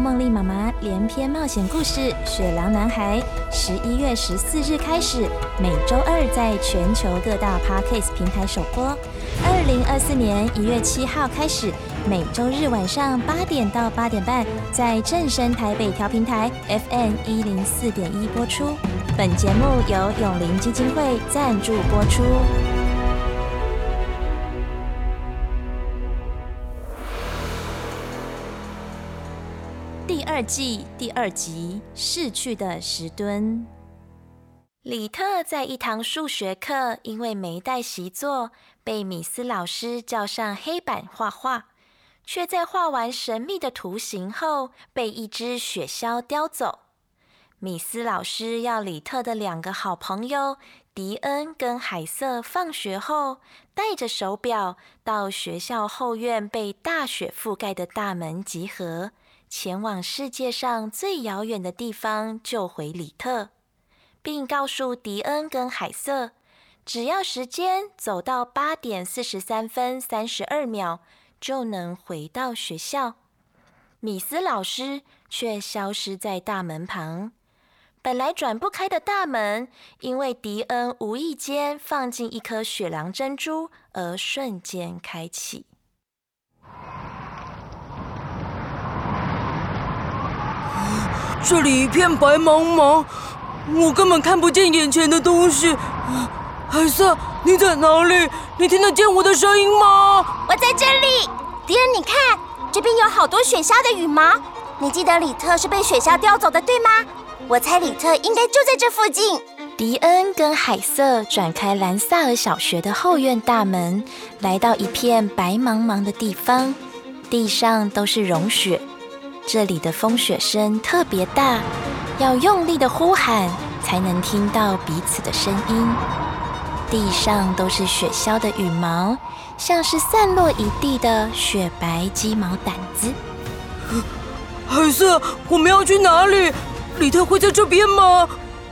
夢莉媽媽連篇冒險故事《雪狼男孩》，十一月十四日開始，每周二在全球各大 Podcast 平台首播。二零二四年一月七號開始，每周日晚上八點到八點半，在正聲台北調頻台 FM 一零四點一播出。本節目由永齡基金會贊助播出。季第二集《逝去的石墩》。李特在一堂數學課，因為沒帶習作，被米斯老師叫上黑板畫畫，卻在畫完神秘的圖形後，被一隻雪鴞叼走。米斯老師要李特的兩個好朋友迪恩跟海瑟放學後，帶着手錶到學校後院被大雪覆蓋的大門集合。前往世界上最遙遠的地方救回里特，並告訴迪恩跟海瑟，只要時間走到八點四十三分三十二秒，就能回到學校。米斯老師卻消失在大門旁，本來轉不開的大門，因為迪恩無意間放進一顆雪狼珍珠而瞬間開啟。這裡一片白茫茫，我根本看不見眼前的東西。啊，海瑟，你在哪裡？你聽得見我的聲音嗎？我在這裡。迪恩，你看，這邊有好多雪梟的羽毛。你記得里特是被雪梟叼走的，對嗎？我猜里特應該就在這附近。迪恩跟海瑟轉開蘭薩爾小學的後院大門，來到一片白茫茫的地方，地上都是融雪。這裡的風雪聲特別大，要用力的呼喊才能聽到彼此的聲音。地上都是雪鴞的羽毛，像是散落一地的雪白雞毛掸子。海瑟，我們要去哪裡？李特會在這邊嗎？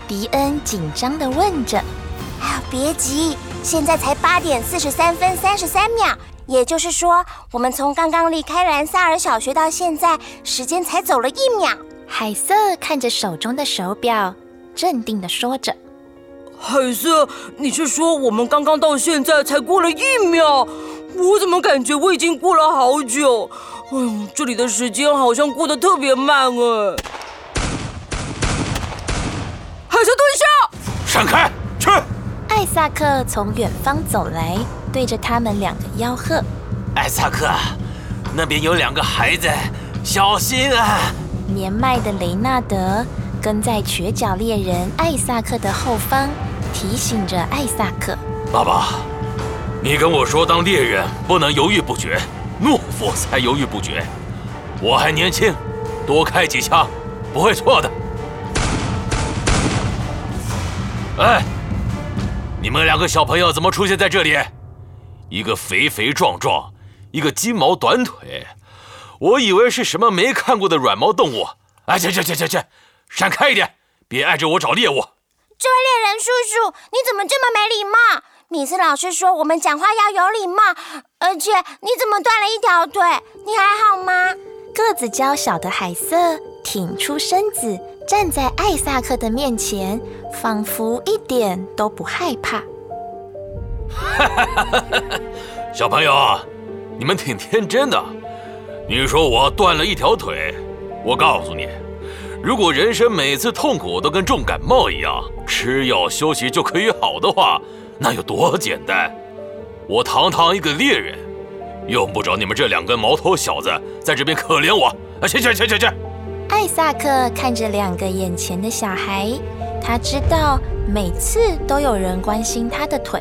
迪恩緊張的問着。啊，別急，現在才八點四十三分三十三秒。也就是說，我們從剛剛離開蘭薩爾小學到現在，時間才走了一秒。海瑟看着手中的手表，鎮定地說着：“海瑟，你是說我們剛剛到現在才過了一秒？我怎麼感覺我已經過了好久？哎呦，這裡的時間好像過得特別慢啊。”海瑟蹲下，閃開，去。艾薩克從遠方走來。對着他們兩個吆喝：“艾薩克，那邊有兩個孩子，小心啊！”年邁的雷納德跟在瘸腳獵人艾薩克的後方，提醒着艾薩克：“爸爸，你跟我說當獵人不能猶豫不決，懦夫才猶豫不決。我還年輕，多開幾槍不會錯的。”哎，你們兩個小朋友怎麼出現在這裡？一個肥肥壯壯，一個金毛短腿，我以為是什麼沒看過的軟毛動物。哎，去去去去去，閃開一點，別礙着我找獵物。這位獵人叔叔，你怎麼這麼沒禮貌？米斯老師說我們講話要有禮貌，而且你怎麼斷了一條腿？你還好嗎？個子嬌小的海瑟挺出身子，站在艾薩克的面前，仿佛一點都不害怕。哈， 小朋友，你們挺天真的。你說我斷了一條腿，我告訴你，如果人生每次痛苦都跟重感冒一樣，吃藥休息就可以好的話，那有多簡單？我堂堂一個獵人，用不着你們這兩個毛頭小子在這邊可憐我。啊，去去去去去！艾薩克看着兩個眼前的小孩，他知道每次都有人關心他的腿。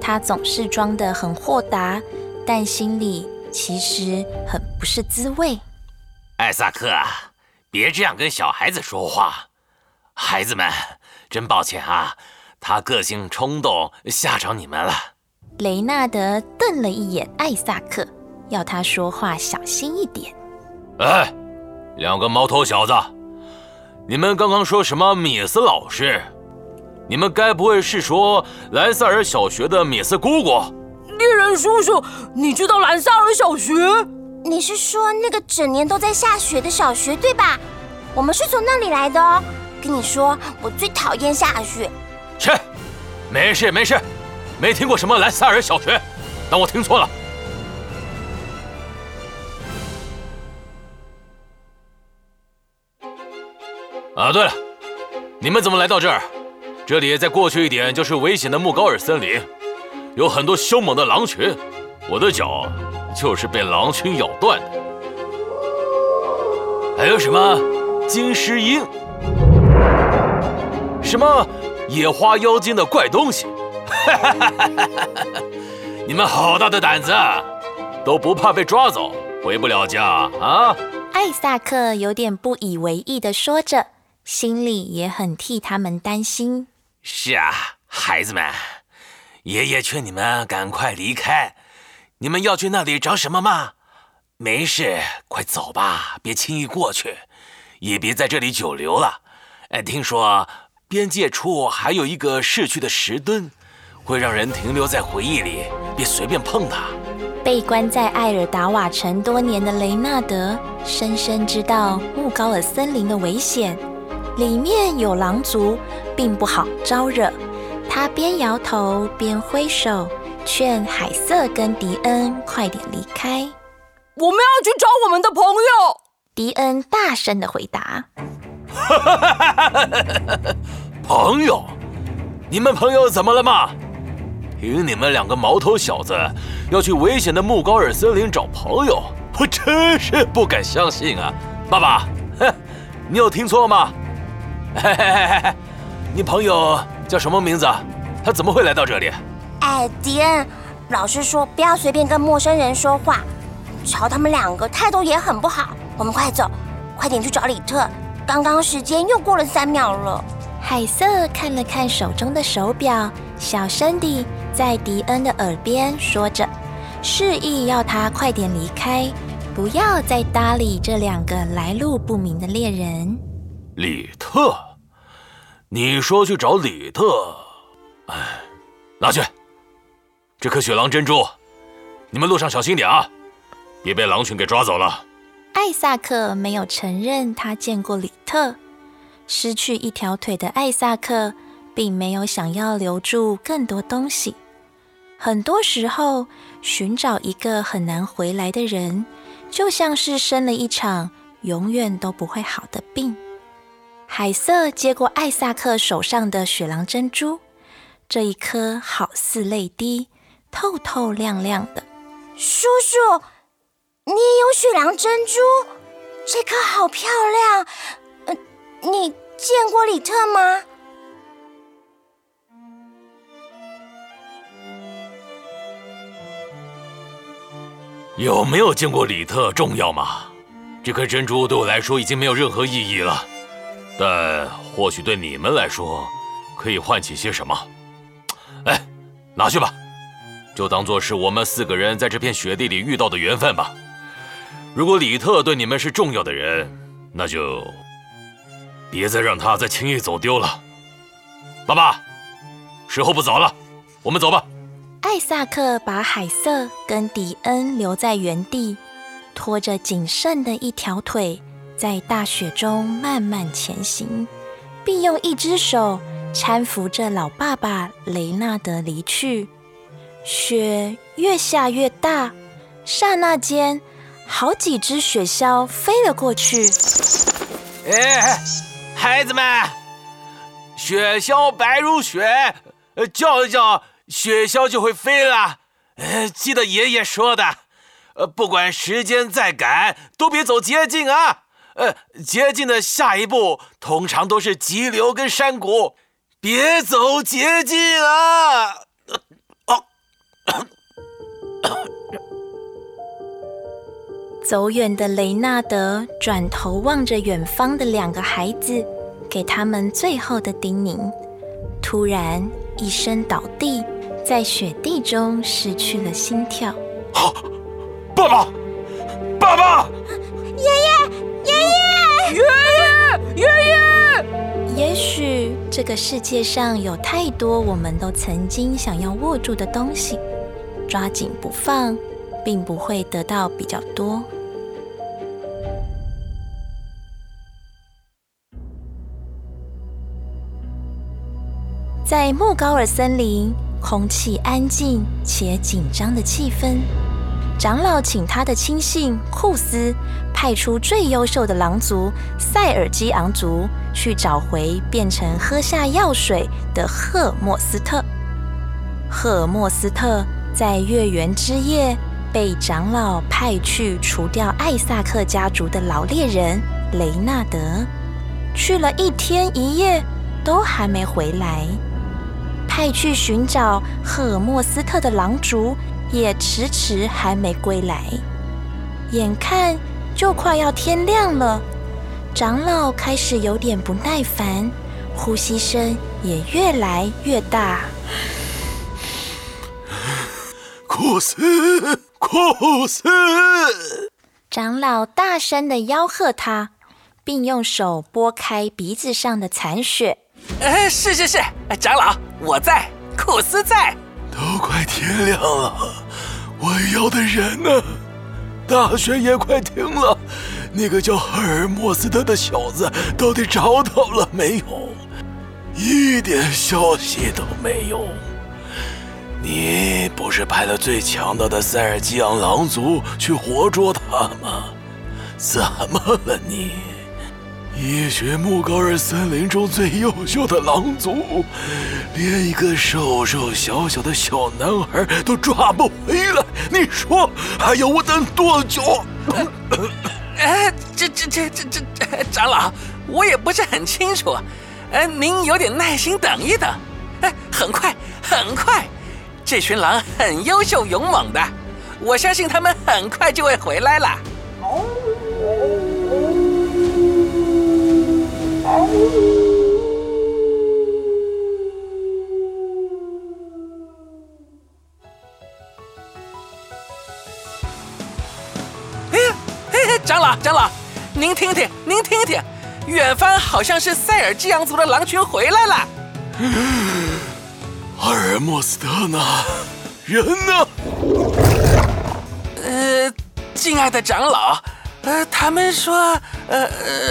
他總是裝得很豁達，但心裡其實很不是滋味。艾薩克，別這樣跟小孩子說話。孩子們，真抱歉啊，他個性衝動，嚇着你們了。雷納德瞪了一眼艾薩克，要他說話小心一點。哎，兩個毛頭小子，你們剛剛說什麼？米斯老師。你們該不會是說萊薩爾小學的米斯姑姑？獵人叔叔，你知道萊薩爾小學？你是說那個整年都在下雪的小學，對吧？我們是從那裡來的哦。跟你說，我最討厭下雪。切，沒事沒事，沒聽過什麼萊薩爾小學，當我聽錯了。啊，對了，你們怎麼來到這兒？這裡再過去一點就是危險的穆高爾森林，有很多兇猛的狼群。我的腳就是被狼群咬斷的。還有什麼金獅鷹，什麼野花妖精的怪東西？ 你們好大的膽子，都不怕被抓走，回不了家啊！艾薩克有點不以為意的說着，心裡也很替他們擔心。是啊，孩子們，爺爺勸你們趕快離開。你們要去那裡找什麼嗎？沒事，快走吧，別輕易過去，也別在這裡久留了。哎，聽說邊界處還有一個逝去的石墩，會讓人停留在回憶裡，別隨便碰它。被關在艾爾達瓦城多年的雷納德，深深知道穆高爾森林的危險，裡面有狼族。並不好招惹。他邊搖頭邊揮手，勸海瑟跟迪恩快點離開。我們要去找我們的朋友。迪恩大聲地回答：“ 朋友？你們朋友怎麼了嗎？憑你們兩個毛頭小子要去危險的穆高爾森林找朋友，我真是不敢相信啊！爸爸，你有聽錯嗎？” 你朋友叫什麼名字啊？他怎麼會來到這裡？哎，迪恩，老師說不要隨便跟陌生人說話。瞧他們兩個態度也很不好。我們快走，快點去找李特。剛剛時間又過了三秒了。海瑟看了看手中的手錶，小聲地在迪恩的耳邊說着，示意要他快點離開，不要再搭理這兩個來路不明的獵人。李特。你說去找李特，哎，拿去。這顆雪狼珍珠，你們路上小心點啊，別被狼群給抓走了。艾薩克沒有承認他見過李特。失去一條腿的艾薩克，並沒有想要留住更多東西。很多時候，尋找一個很難回來的人，就像是生了一場永遠都不會好的病。海瑟接過艾薩克手上的雪狼珍珠，這一顆好似淚滴，透透亮亮的。叔叔，你也有雪狼珍珠？這顆好漂亮。呃，你見過李特嗎？有沒有見過李特，重要嗎？這顆珍珠對我來說已經沒有任何意義了。但或許對你們來說，可以喚起些什麼。哎，拿去吧，就當做是我們四個人在這片雪地裡遇到的緣分吧。如果李特對你們是重要的人，那就別再讓他再輕易走丟了。爸爸，時候不早了，我們走吧。艾薩克把海瑟跟迪恩留在原地，拖着僅剩的一條腿。在大雪中慢慢前行，並用一只手攙扶着老爸爸雷納德離去。雪越下越大，剎那間，好幾只雪鴞飛了過去。哎，孩子們，雪鴞白如雪，叫一叫，雪鴞就會飛了。哎，記得爺爺說的，不管時間再趕，都別走捷徑啊。呃，捷徑的下一步通常都是急流跟山谷，別走捷徑啊！ 走遠的雷納德轉頭望着遠方的兩個孩子，給他們最後的叮嚀。突然，一聲倒地，在雪地中失去了心跳。好，爸爸，爸爸。爺爺，爺爺。也許這個世界上有太多我們都曾經想要握住的東西，抓緊不放，並不會得到比較多。在莫高爾森林，空氣安靜且緊張的氣氛。長老請他的親信庫斯派出最優秀的狼族塞爾基昂族去找回變成喝下藥水的赫爾墨斯特。赫爾墨斯特在月圓之夜被長老派去除掉艾薩克家族的老獵人雷納德，去了一天一夜都還沒回來。派去尋找赫爾墨斯特的狼族，也遲遲還沒歸來，眼看就快要天亮了，長老開始有點不耐煩，呼吸聲也越來越大。庫斯，庫斯！長老大聲的吆喝他，並用手撥開鼻子上的殘血。哎、呃，是是是，長老，我在，庫斯在。都快天亮了，我要的人呢？大雪也快停了，那個叫赫爾墨斯德的小子到底找到了沒有？一點消息都沒有。你不是派了最強大的塞爾基昂狼族去活捉他嗎？怎麼了你？一群木高爾森林中最優秀的狼族，連一個瘦瘦小小的小男孩都抓不回來。你說還要我等多久？呃呃、啊啊，這這這這這，長老，我也不是很清楚。呃、啊，您有點耐心，等一等。哎、啊，很快，很快。這群狼很優秀、勇猛的，我相信他們很快就會回來了。哎嘿嘿、哎，長老，長老，您聽聽，您聽聽，遠方好像是塞爾吉昂族的狼群回來了。阿爾莫斯特呢？人呢？呃，敬愛的長老，呃，他們說，呃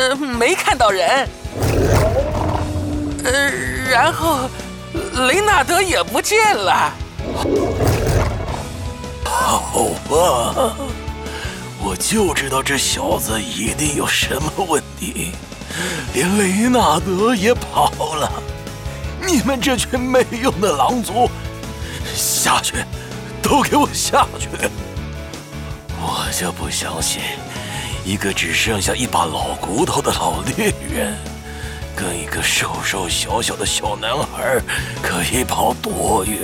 呃，沒看到人。呃，然後雷納德也不見了。跑吧，我就知道這小子一定有什麼問題，連雷納德也跑了。你們這群沒用的狼族，下去，都給我下去！我就不相信，一個只剩下一把老骨頭的老獵人。跟一個瘦瘦小小的小男孩可以跑多遠？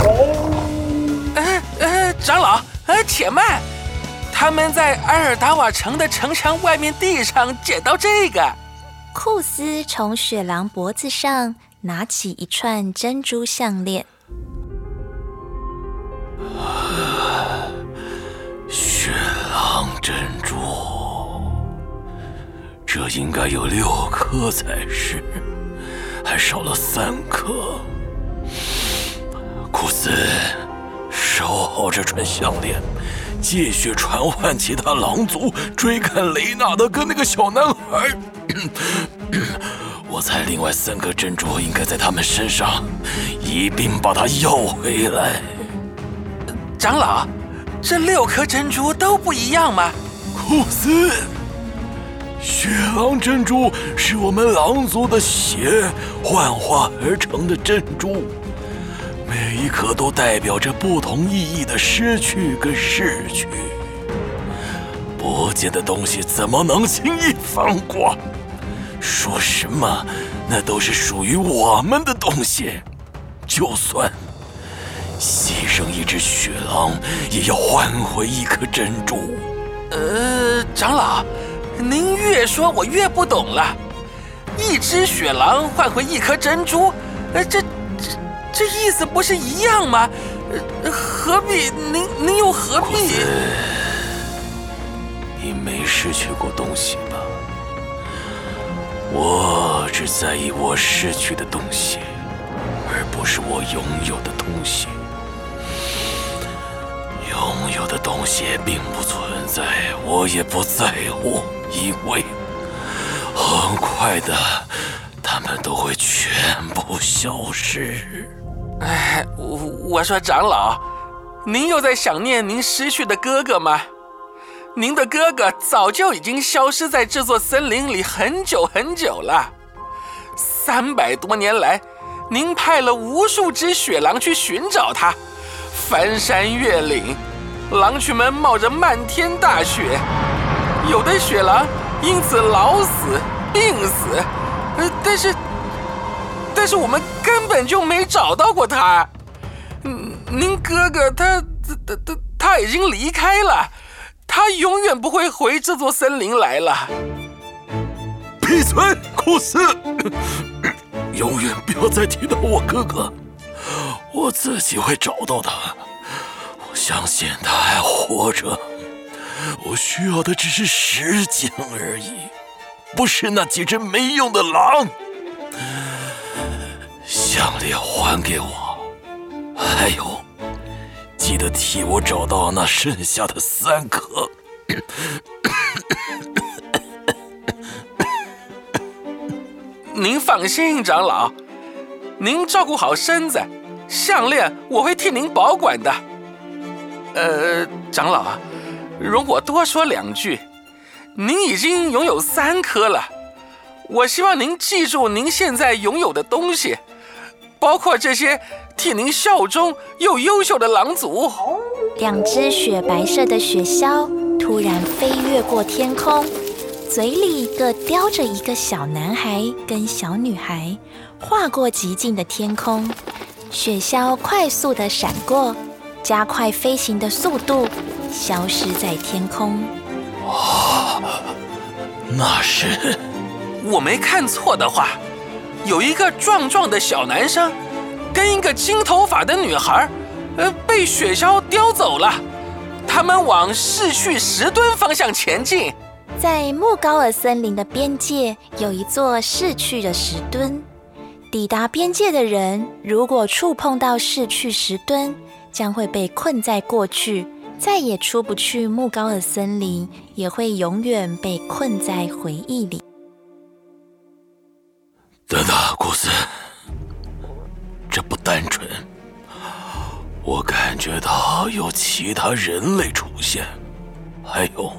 哦、呃，哎、呃、哎，長老，哎、呃，且慢！他們在阿爾達瓦城的城牆外面地上撿到這個。庫斯從雪狼脖子上拿起一串珍珠項鏈。雪狼珍珠。這應該有六顆才是，還少了三顆。庫斯，收好這串項鏈，繼續傳喚其他狼族，追趕雷娜德跟那個小男孩。咳咳咳，我猜另外三顆珍珠應該在他們身上，一併把它要回來。長老，這六顆珍珠都不一樣嗎？庫斯。雪狼珍珠是我們狼族的血幻化而成的珍珠，每一顆都代表着不同意義的失去跟逝去。不見的東西怎麼能輕易放過？說什麼，那都是屬於我們的東西。就算犧牲一隻雪狼，也要換回一顆珍珠。呃，長老。您越說，我越不懂了。一隻雪狼換回一顆珍珠，哎，這這這意思不是一樣嗎？何必？您您又何必？你沒失去過東西吧？我只在意我失去的東西，而不是我擁有的東西。這些並不存在，我也不在乎，因為很快的，他們都會全部消失。哎，我我說，長老，您又在想念您失去的哥哥嗎？您的哥哥早就已經消失在這座森林裡很久很久了。三百多年來，您派了無數隻雪狼去尋找他，翻山越嶺。狼群們冒着漫天大雪，有的雪狼因此老死、病死，呃，但是，但是我們根本就沒找到過他。嗯，您哥哥他，他他他已經離開了，他永遠不會回這座森林來了。閉嘴，庫斯，永遠不要再提到我哥哥，我自己會找到他。相信他還活着，我需要的只是時間而已，不是那幾隻沒用的狼。項鏈還給我，還有，記得替我找到那剩下的三顆。您放心，長老，您照顧好身子，項鏈我會替您保管的。呃，長老啊，容我多說兩句。您已經擁有三顆了，我希望您記住您現在擁有的東西，包括這些替您效忠又優秀的狼族。兩只雪白色的雪鴞突然飛越過天空，嘴裡一個叼着一個小男孩跟小女孩，跨過寂靜的天空，雪鴞快速的閃過。加快飛行的速度，消失在天空。啊、哦，那是我沒看錯的話，有一個壯壯的小男生跟一個金頭髮的女孩，呃，被雪橇叼走了。他們往逝去石墩方向前進。在莫高爾森林的邊界有一座逝去的石墩，抵達邊界的人如果觸碰到逝去石墩。將會被困在過去，再也出不去。木高的森林，也會永遠被困在回憶裡。等等，古斯，這不單純。我感覺到有其他人類出現，還有，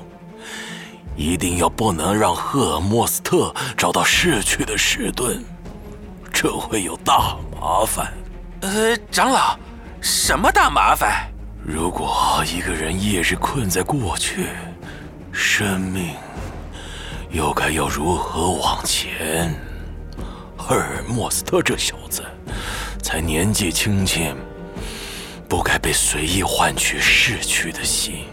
一定要不能讓赫爾墨斯特找到逝去的石墩，這會有大麻煩。呃，長老。什麼大麻煩？如果一個人一直困在過去，生命又該要如何往前？赫爾莫斯特這小子，才年紀輕輕，不該被隨意換取逝去的心。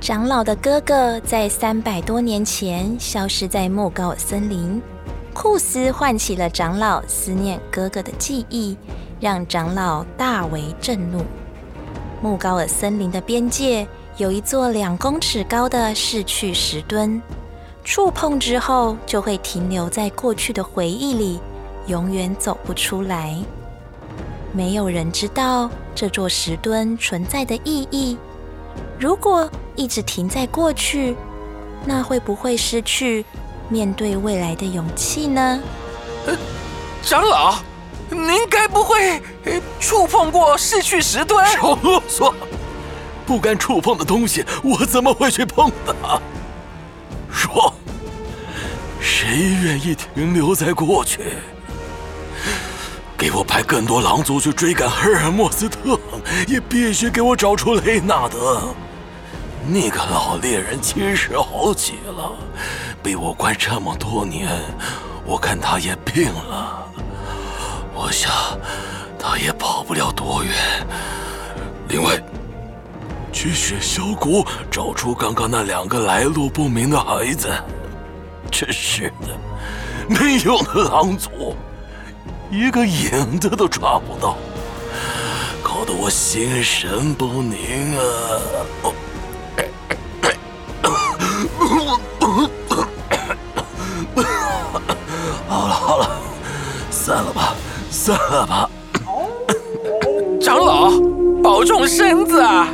長老的哥哥在三百多年前消失在莫高森林，庫斯喚起了長老思念哥哥的記憶。讓長老大為震怒。木高爾森林的邊界有一座兩公尺高的逝去石墩，觸碰之後就會停留在過去的回憶裡，永遠走不出來。沒有人知道這座石墩存在的意義。如果一直停在過去，那會不會失去面對未來的勇氣呢？呃，長老。您該不會觸碰過逝去石墩？少囉嗦，不該觸碰的東西，我怎麼會去碰的？說，誰願意停留在過去？給我派更多狼族去追趕赫爾墨斯特，也必須給我找出雷納德。那個老獵人七十好幾了，被我關這麼多年，我看他也病了。我想，他也跑不了多遠。另外，去雪梟谷找出剛剛那兩個來路不明的孩子。真是的，沒用的狼族，一個影子都抓不到，搞得我心神不寧啊！哦、 好了好了，散了吧。算了吧， 長老，保重身子啊！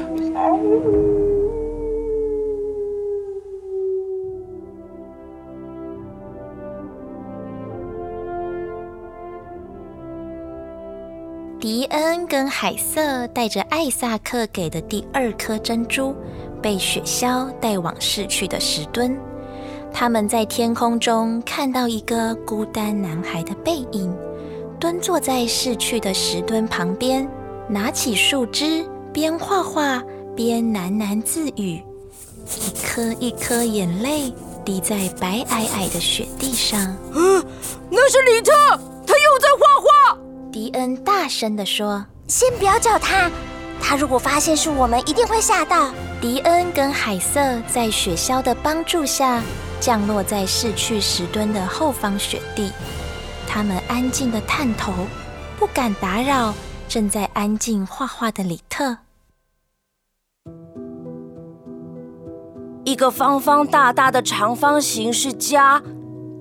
迪恩跟海瑟帶着艾薩克給的第二顆珍珠，被雪橇帶往逝去的石墩。他們在天空中看到一個孤單男孩的背影。蹲坐在逝去的石墩旁邊，拿起樹枝，邊畫畫邊喃喃自語。一顆一顆眼淚滴在白皚皚的雪地上。嗯，那是李特，他又在畫畫。迪恩大聲地說：“先不要叫他，他如果發現是我們，一定會嚇到。”迪恩跟海瑟在雪橇的幫助下，降落在逝去石墩的後方雪地。他們安靜的探頭，不敢打擾正在安靜畫畫的里特。一個方方大大的長方形是家，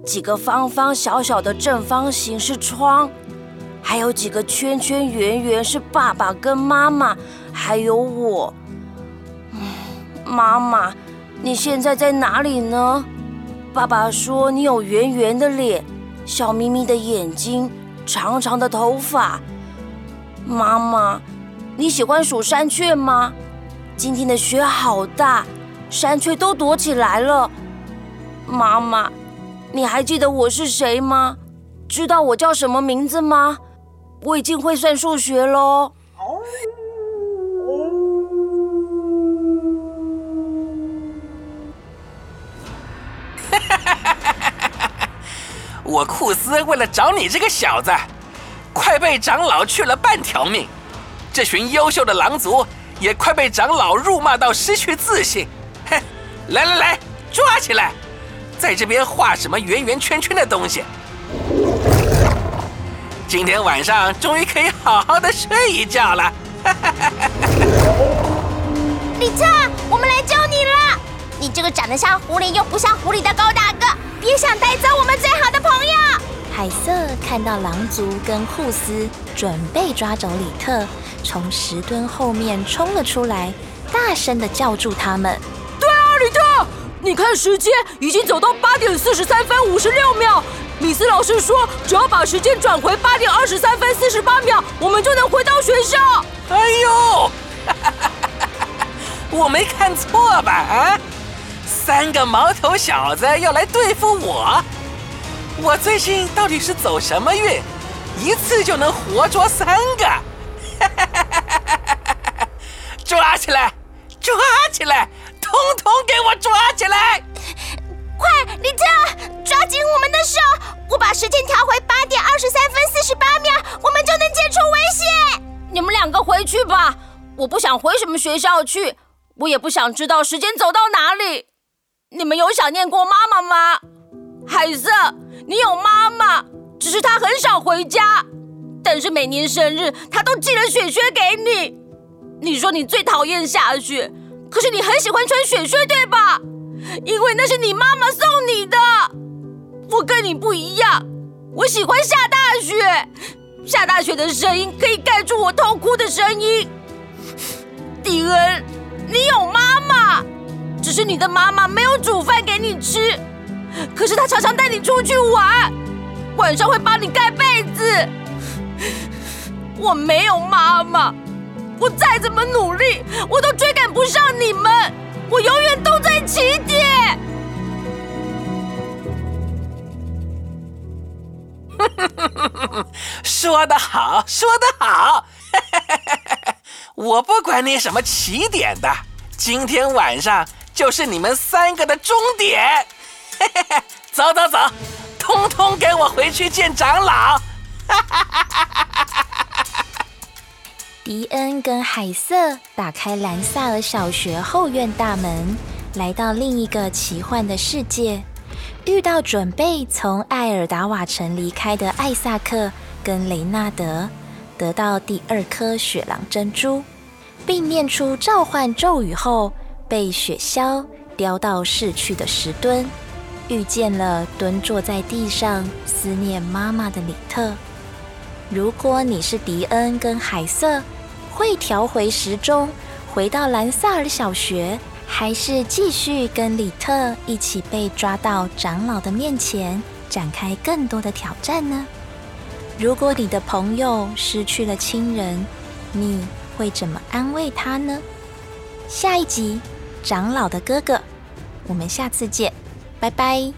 幾個方方小小的正方形是窗，還有幾個圈圈圓圓是爸爸跟媽媽，還有我。嗯，媽媽，你現在在哪裡呢？爸爸說你有圓圓的臉。笑瞇瞇的眼睛，長長的頭髮。媽媽，你喜歡數山雀嗎？今天的雪好大，山雀都躲起來了。媽媽，你還記得我是誰嗎？知道我叫什麼名字嗎？我已經會算數學嘍。我庫斯為了找你這個小子，快被長老去了半條命，這群優秀的狼族也快被長老辱罵到失去自信。哼！來來來，抓起來，在這邊畫什麼圓圓圈圈的東西？今天晚上終於可以好好的睡一覺了。 李徹，我們來救你了。你這個長得像狐狸又不像狐狸的高大哥，別想帶走我們最好的朋友！海瑟看到狼族跟庫斯準備抓走李特，從石墩後面衝了出來，大聲的叫住他們：“對啊，李特，你看時間已經走到八點四十三分五十六秒。米斯老師說，只要把時間轉回八點二十三分四十八秒，我們就能回到學校。”哎呦哈哈哈哈，我沒看錯吧？啊！三個毛頭小子要來對付我，我最近到底是走什麼運，一次就能活捉三個？哈哈哈哈哈哈，抓起來，抓起來，統統給我抓起來！快，林特，抓緊我們的手，我把時間調回八點二十三分四十八秒，我們就能解除危險。你們兩個回去吧，我不想回什麼學校去，我也不想知道時間走到哪裡。你們有想念過媽媽嗎？海瑟，你有媽媽，只是她很少回家。但是每年生日，她都寄了雪靴給你。你說你最討厭下雪，可是你很喜歡穿雪靴，對吧？因為那是你媽媽送你的。我跟你不一樣，我喜歡下大雪，下大雪的聲音可以蓋住我痛哭的聲音。迪恩，你有嗎？只是你的媽媽沒有煮飯給你吃，可是她常常帶你出去玩，晚上會幫你蓋被子。我沒有媽媽，我再怎麼努力，我都追趕不上你們，我永遠都在起點。 說得好，說得好， 我不管你什麼起點的，今天晚上。就是你們三個的終點。 走走走，通通跟我回去見長老。哈 ！迪恩跟海瑟打開蘭薩爾小學後院大門，來到另一個奇幻的世界，遇到準備從艾爾達瓦城離開的艾薩克跟雷納德，得到第二顆雪狼珍珠，並念出召喚咒語後，被雪橇叼到逝去的石墩，遇見了蹲坐在地上思念媽媽的李特。如果你是迪恩跟海瑟，會調回時鐘回到蘭薩爾小學，還是繼續跟李特一起被抓到長老的面前展開更多的挑戰呢？如果你的朋友失去了親人，你會怎麼安慰他呢？下一集。長老的哥哥，我們下次見，拜拜。